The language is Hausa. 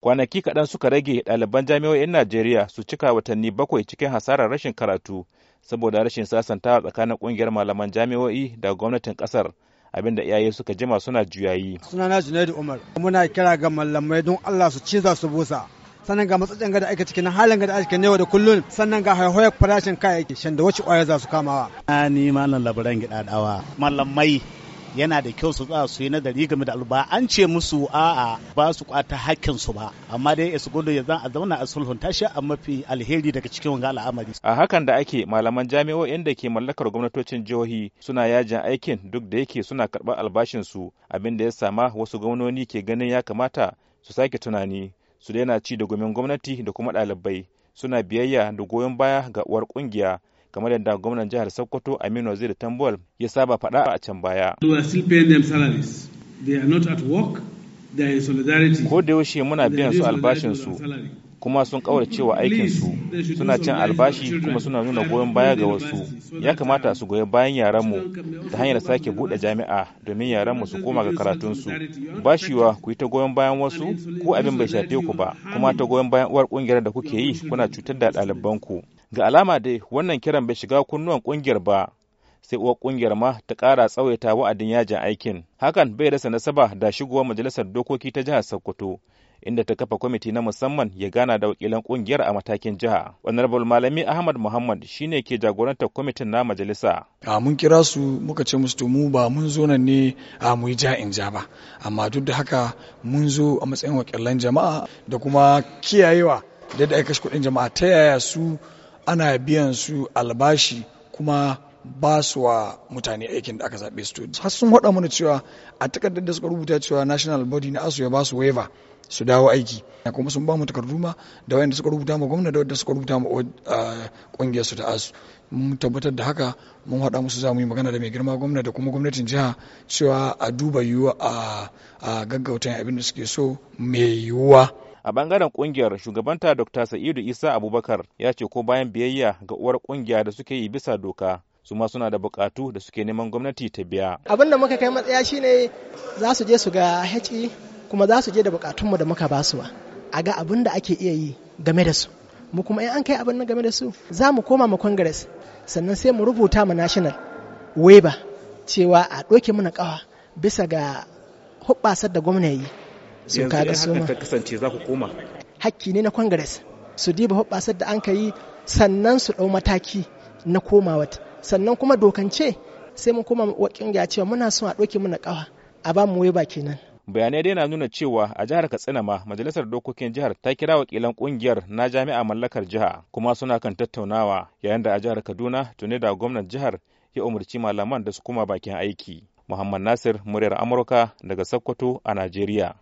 Kwanaki kaɗan suka rage ɗaliban jami'o'in Najeriya su cika watanni bakwai cikin hasarar rashin karatu saboda rashin sasantawa tsakanin ƙungiyar malaman jami'o'i da gwamnatin ƙasar. abinda iyaye suka jima suna juyayi. Sunana Junaidu Umar. Muna kira ga malamai don Allah su ciza su busa. sannan ga matsatsen da aka cikin halin da aka yau da kullum sannan ga haihuwar farashin kayayyaki shan da wacce ƙwayar za su kamawa. Ni malam labaran dawa, Malamai yana da kyau su za su yi nazari game da alba an ce musu a'a ba su kwata hakkin su ba amma dai gudu ya zan a zauna a sulhun tashi a mafi alheri daga cikin wanga al'amari a hakan da ake malaman jami'o'in da ke mallakar gwamnatocin jihohi suna yajin aikin duk da yake suna karɓar albashin su abin da ya sama wasu gwamnoni ke ganin ya kamata su sake tunani su daina ci da gumin gwamnati da kuma ɗalibai suna biyayya da goyon baya ga uwar ƙungiya. kamar yadda gwamnan jihar Sokoto Aminu Waziri Tambuwal ya saba faɗa a can baya. Ko da yaushe muna biyan su albashinsu kuma sun cewa aikinsu suna cin albashi kuma suna nuna goyon baya ga wasu ya kamata su goyi bayan yaranmu ta hanyar sake bude jami'a domin yaranmu su koma ga karatunsu ba shiwa ku yi ta goyon bayan wasu ko abin bai shafe ku ba kuma ta goyon bayan uwar kungiyar da kuke yi kuna cutar da ɗalibanku ga alama dai wannan kiran bai shiga kunnuwan kungiyar ba sai uwar kungiyar ma ta kara tsawaita wa'adin yajin aikin hakan bai rasa nasaba da shigowar majalisar dokoki ta jihar sokoto inda ta kafa kwamiti na musamman ya gana da wakilan kungiyar a matakin jiha honorable malami ahmad muhammad shine ke jagorantar kwamitin na majalisa a mun kira su muka ce musu mu ba mun zo nan ne a mu yi ja in ja ba amma duk da haka mun zo a matsayin wakilan jama'a da kuma kiyayewa da da aikashi kuɗin jama'a ta yaya su ana biyan su albashi kuma ba su wa mutane aikin da aka zaɓe su har sun haɗa mana cewa a takardar da suka rubuta cewa national body na asu ya ba su waiver su dawo aiki kuma sun ba mu takardu ma da wayanda suka rubuta ma gwamna da wayanda suka rubuta ma kungiyar su ta asu mun tabbatar da haka mun haɗa musu za mu yi magana da mai girma gwamna da kuma gwamnatin jiha cewa a duba yiwuwa a gaggautan abin da suke so mai yiwuwa a bangaren kungiyar shugabanta dr sa'idu isa abubakar ya ce ko bayan biyayya ga uwar kungiya da suke yi bisa doka su ma suna da bukatu da suke neman gwamnati ta biya abin da muka kai matsaya shine za su je su ga HE kuma za su je da bukatunmu da muka basuwa a ga abin da ake iya yi game da su mu kuma in an kai abin nan game da su za mu koma ma congress sannan sai mu rubuta ma national waiver cewa a ɗauke mana kawa bisa ga hubbasar da gwamna yi su kaga su ma kasance za ku koma hakki ne na congress su diba hoɓɓasar da an ka yi sannan su dau mataki na komawa sannan kuma dokance sai mun koma wa kungiya cewa muna son a ɗauke muna kawa a ba mu ba kenan bayanai dai na nuna cewa a jihar katsina ma majalisar dokokin jihar ta kira wakilan kungiyar na jami'a mallakar jiha kuma suna kan tattaunawa yayin da a jihar kaduna tuni da gwamnan jihar ya umarci malaman da su koma bakin aiki muhammad nasir muryar amurka daga sokoto a najeriya